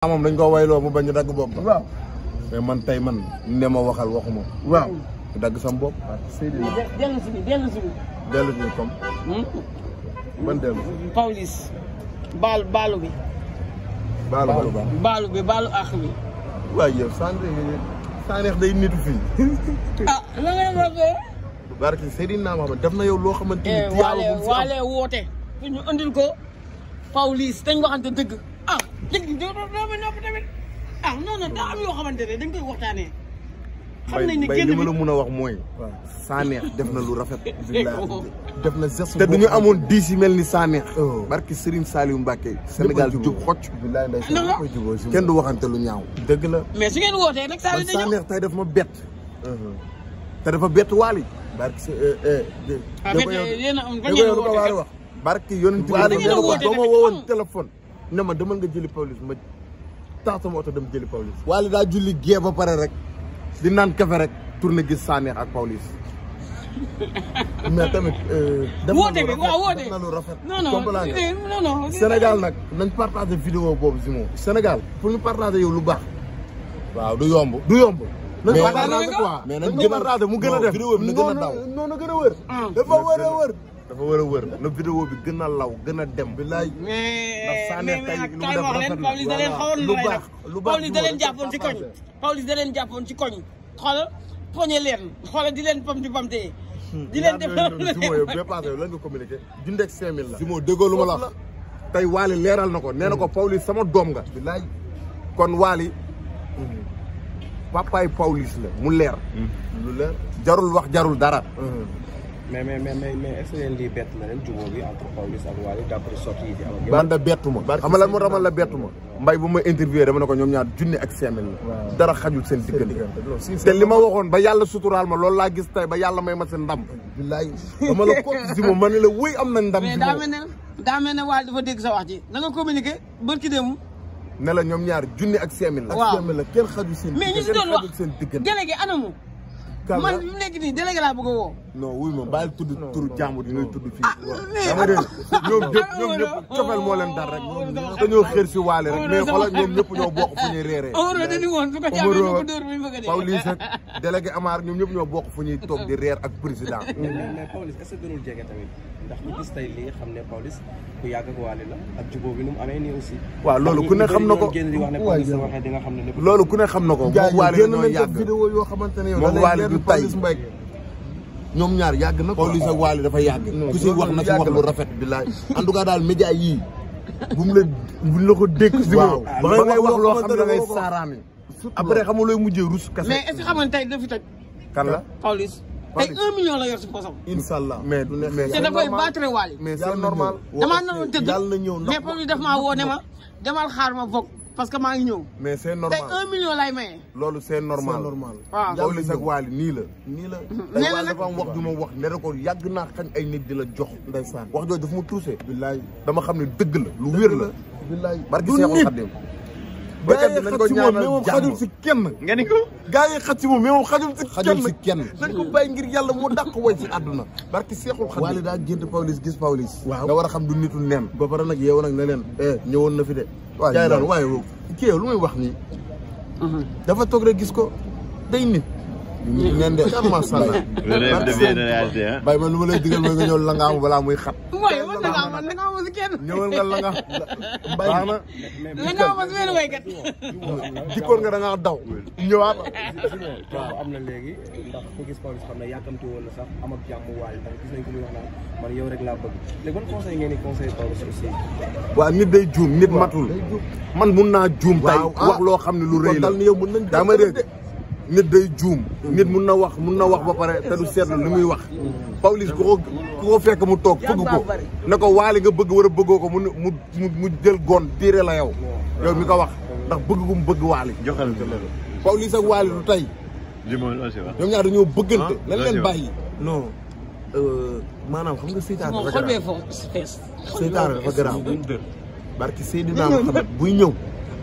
Ah, moom dañ ko wayloo mu bañ dagg bopp waaw mais man tey man ne ma waxal waxuma waaw dagg sam bopp dellu si bi dellu si bi dellu si bi comme hmm? ban dellu Pawlish baalu baalu bi baalu baalu bi baalu àq bi fii ah la ngay rafet barke Seydina def na yow loo xamante eh, woote pour ñu andil ko Pawlish dañ waxante dëgg léegi doo doo ma nopp tamit ah non non daa am xamante ne dañ koy waxtaanee. xam li ma la mun a wax mooy. waaw Sanex na lu rafet. Oh. def na geste te du ñu amoon diis yu mel ni Sanex. Oh. barki Serigne Saliou Mbacké. Sénégal jub xocc. kenn du waxante lu ñaaw. dëgg la mais su ngeen wootee nag. Saliou dañoo ma bett. Uh-huh. te dafa bett waali. barki sa da ko yow wax. barki yonent bi ne ma demal nga jëli Pawlish ma tax sama oto dem jëli Pawlish. wala daa julli gee ba pare rek di naan kafe rek tourné gis Sanekh ak Pawlish mais tamit. Euh, woote bi waaw lu rafet non non eh, non eh. Sénégal nag nañ partagé vidéo boobu si moom. Sénégal pour ñu partagé yow lu baax. waaw du yomb du yomb. mais mais nañ mu gën a def. vidéo a wër. Ah. dafa wër a wër. dafa war a wër na vidéo bi gën a law gën a dem. bilaay ndax Sanex tey li mu def rafet na waaw lu baax lu baax Pawlish da leen jàppoon ci koñ Pawlish da leen jàppoon ci koñ xoolal leen xoolal di leen pam di pam dee. Hmm. di leen def Zimo yow bee passé lan nga lu ma la tey Waly leeral na ko nee na ko hmm. Pawlish sama doom nga. bilaay kon Waly. Hmm. papaay Pawlish la mu leer. lu leer jarul wax jarul dara. mais mais mais mais est-ce que leen lii bett na leen banda bettu ma moo tax man la bettu mbay bu ma interviewé dama ne ko ñoom ñaar junne ak seemel la dara xajul seen diggante te li ma waxoon ba yàlla suturaal ma lool laa gis tey ba yàlla may ma seen ndam bilaay dama la ko si ma ne la wéy am na ndam mais daa mel ne daa mel ne Wally dafa dégg sa wax ji na nga communiqué bërki déemu ne la ñoom ñaar junne ak seemel la seemel la kenn xajul seen diggante mais ñu si doon man mu nekk nii délégué laa bëgg a woo. non wuy ma baal tudd turu jàmbur yi ñooy tudd fii. Ah, dama dégg ñoom ñëpp ah, ñoom ñëpp cofeel moo leen dar rek. Oh, dañoo xër si waale rek mais xoolal ñoom ñëpp ñoo bokk fu ñuy reeree. Omaro dañu woon su ko jàmbee ñu ko dóor mi bëgg a dee. Pawlish ak délégué Amar ñoom ñëpp ñoo bokk fu ñuy toog di reer ak président. mais mais Pawlish est-ce que gënul jege tamit ndax ñu gis tey lii xam ne Pawlish ku yàgg ak waale la ak jubóo bi nu mu amee nii aussi. waaw loolu ku ne xam na ko waaw loolu ku ne xam na ko. moom waale ñoo yàgg du tey ñoom ñaar yàgg na. Pawlish a Wally dafa yàgg. ku si wax na si wax lu rafet. bilaay en tout cas daal média yii bu mu la bu ñu la ko dékk. si waaw ba ngay wax loo xam ne da ngay saaraame. après xam nga looy mujjee rus. kese mais est ce que xam nga tey dina fi toj. kan la Pawlish. tey un million la yor si posam. incha mais du ne mais te dafay damaa naroon tëdd. yàlla na ñëw mais Pawlish daf maa ma demal xaar ma bokk. parce que maa ngi ñëw. mais c' est normal loolu c' est normal c' est normal. waaw Pawlish nii la. nii la mhm. nee na nag wax ju ma wax ne ko yàgg naa xañ ay net di la jox. ndeysaan wax jooju dafa ma tuuse. billaay dama xam ne dëgg la lu wér la. billaay barki Seexul Xadiim béykat bi nañ ko ñaanal jàmm si kenn. nga ni ko. gaa yi xaj si moom mais moom xajul si kenn. xajul si kenn nañ ko bàyyi ngir yàlla moo dàq way si àdduna. barki seexul daa gént Pawlish gis Pawlish. waaw nga war a xam du nitul neen. ba pare nag yow nag ne leen. Eh, ñëwoon na fi de. waaw jaay daan waaye kii yow lu muy wax nii. Mhm. dafa toog rek gis ko day nit. ñu neen de macha allah. rêve lu ma lay digal mooy nga ñëw langaamu balaa muy xat. mooy man langaamu man langaamu si kenn. ñëwal nga langaam. da ngaa daw. ñëwaat. waaw am na léegi ndax ku gis Pawlish xam ne yàkkamti woon waay ndax gis nañ ko muy man nit day juum nit matul. man mun naa juum. tay ah. wax loo xam ne lu rëy la. kon dal na yow mën nañ nit day juum nit mun na wax mun na wax ba pare te du seetlu li muy wax Pawlish ku ko ku fekk mu toog fëgg ko ne ko waali nga bëgg war a bëggoo ko mu mu mu jël goon tiire la yow yow mi ko wax ndax bëgg ko mu bëgg waali Pawlish ak waali du tey ñoom ñaar dañoo bëggante ah, lan leen bàyyi non euh, maanaam xam nga seytaane dafa garaaw seytaane dafa garaaw barki Seydina Muhammad buy ñëw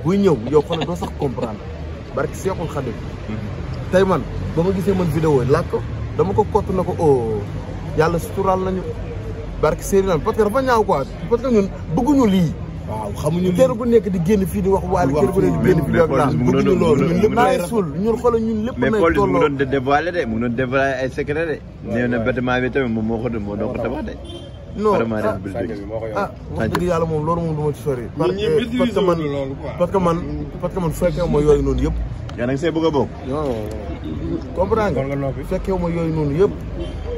buy ñëw yow xoolal doo sax comprendre barki Seexul Xadim mhm. tey man ba ma gisee man vidéo laaj ko dama ko kott na ko o oh, yàlla suturaal nañu barki Serigne parce que dafa ñaaw quoi parce que ñun bëgguñu lii waaw xamuñu kër gu nekk di génn fii di wax waale kër gu nekk di génn fii di wax naan bëgguñu loolu ñun lépp naay suul ñun xoolal ñun lépp nañ tolloo mais doon dévoilé de mu doon dévoilé ay secret de nee na bâtiment bi tamit moom moo ko moo doon ko tabax de non ah, ah wax dëgg yàlla moom loolu moom du ci sori parce yooyu noonu yëpp yaa ngi see bëgg a bokk. non comprendre nga. loolu la ma yooyu noonu yëpp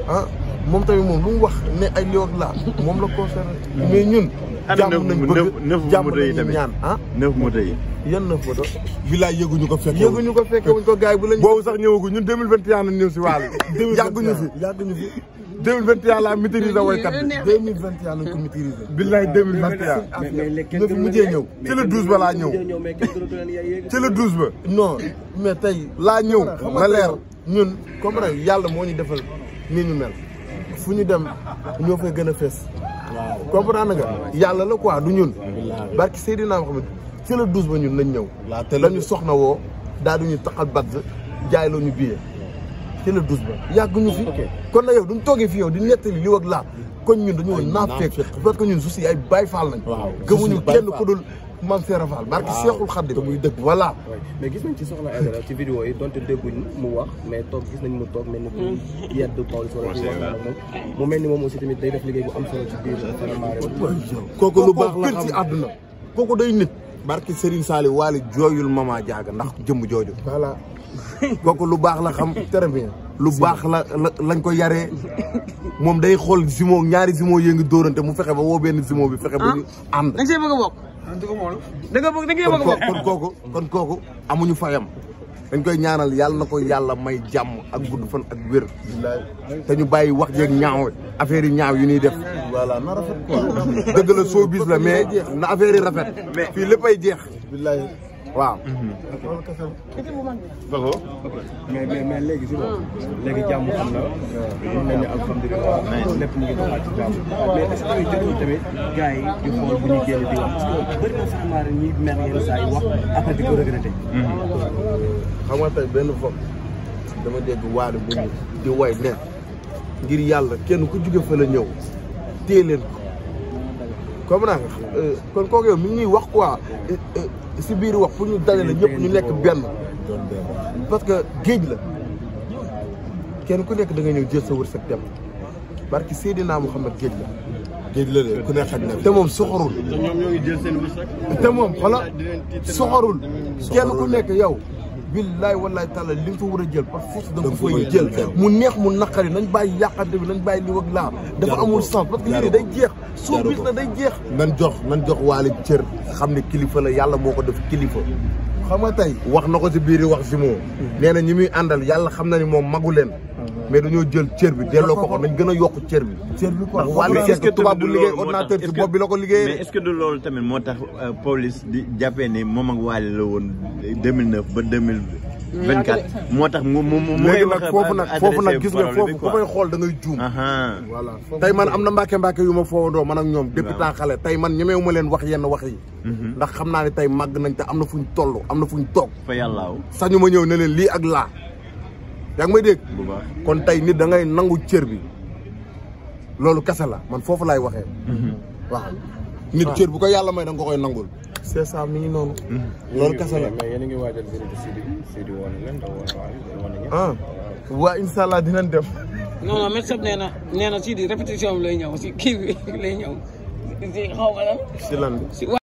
ah moom tamit moom lu mu wax ne ay lii ak laa moom la concerné. mais ñun. jàmm nañ bëgg jàmm nañu ñaan ah. neuf moto yi. yan neuf moto. bilaay yëguñu ko fekke yëguñu ko fekke wuñ ko gars bu lañ. boobu sax ñëwagu ñun deux mille vingt et un nañ si waale. yàgguñu fi yàgguñu fi. 2021 la maîtriser woykat bi. 2021 lañ ko maîtriser. billaay 2021. mais mais léegi kenn mujjee ñëw. ci le 12 ba laa ñëw. ci le 12 ba. non mais tey laa ñëw. ma leer ñun comprendre yàlla moo ñu defal nii ñu mel. fu ñu dem ñoo fay gën a fees. waaw comprendre nga yàlla la ko du ñun. barki Seydina Mohamed ci le 12 ba ñun nañ ñëw. te lañu ñu soxna woo daal ñu taxal badge jaay loo ñu billet. te le douze ba yàgguñu fi kon na yow duñ toogee fi yow di nettali li ak laa kon ñun dañu woon naa fekk parce que ñun suuf ay Baay Faal lañ gëmuñu kenn ku dul Maam Seera Faal barke Seexul Xaddim te muy dëkk voilà mais gis nañ ci Soxna Aïdara ci vidéo yi donte dégguñ mu wax mais toog gis nañ mu toog mel ni ku mm. yedd mu mel ni moom aussi tamit day def liggéey bu am solo ci biir kooku lu baax la xam ci àdduna kooku day nit barke Serigne Saliou Waly jooyul mama jaaga ndax jëmm jooju voilà kooku lu baax la xam. très lu baax la la lañ koy yare moom day xool jumeau ñaari jumeau yee ngi dóorante mu fexe ba woo benn jumeau bi fexe ba ah. ñu ànd. Ah, da nga see bëgg a da nga kon kooku kon kooku amuñu fayam. dañ koy ñaanal yàlla na koy yàlla may jàmm ak gudd fan a wér. te ñu bàyyi wax jeeg ñaaw affaire yi ñaaw yu ñuy def. voilà na rafet quoi. dëgg la showbiz na affaire yi rafet. mais fii léppay jeex. waaw. loolu mais mais léegi si léegi jàmm am na. Euh, mën nañu alhamdulilah. mais lépp mu ngi doxal ci jàmm. tamit gars yi di bu ñu génn di wax parce que bëri na sax maa ren yenn saa yi wax après di ko regretté. xam nga tey benn bopp dama dégg waadu bu ñu di way ne ngir yàlla kenn ku jóge fa la ñëw téye leen comme naa euh, kon kooku mu ngi ñuy wax quoi euh, euh, si biir wax fu ñu na ñëpp ñu nekk benn parce que géej la kenn ku nekk da nga ñëw jël sa wërsëg dem barki Seydina Mouhamed géej la. géej la de ku ne xam na te moom soxorul. te ñoom ñoo ngi jël seen wërsëg. xala soxorul. kenn ku nekk yow. billaay wallaay taala li nga fa war a jël par force da nga fa jël mu neex mu naqari nañu bàyyi yàqante bi nañ bàyyi li wag laa dafa amul sens parce que lii day jeex soo bis la day jeex nan jox nan jox waale cër xam ne kilifa la yàlla moo ko def kilifa xam nga tey wax na ko si biir i wax si moo hmm. nee na ñi muy àndal yàlla xam na ni moom magu leen mais dañoo jël cër bi delloo ko ko nañ gën a yokk cër bi. cër bi quoi ndax est tubaab bu liggéey ordinateur ci bopp bi la ko liggéeyee. mais est tamit moo tax euh, police di jàppee ne moom ak Wally la woon 2009 ba 2024. moo tax mu mu mu may wax foofu nag foofu nag gis nga foofu ku koy xool da ngay juum. voilà tey man am na mbàkke mbàkke yu ma foowandoo man ak ñoom. depuis temps xale tey man ñemewu ma leen wax yenn wax yi. Mhm. ndax xam naa ne tey màgg nañ te am na fu ñu toll am na fu ñu toog. fa yàllaaw sañu ma ñëw ne leen lii ak laa yaa ngi may dégg. kon tey nit da ngay nangu cër bi loolu kese la man foofu laay waxee. Mhm. waaw nit cër bu ko yàlla may da nga koy nangul. c'est ça mi ngi noonu. Mhm. loolu kese la mais yéen a ngi waajal ah waa incha allah dinañ dem. non non na nee na si di bi lay ñëw si kii lay ñëw si xaw ma si lan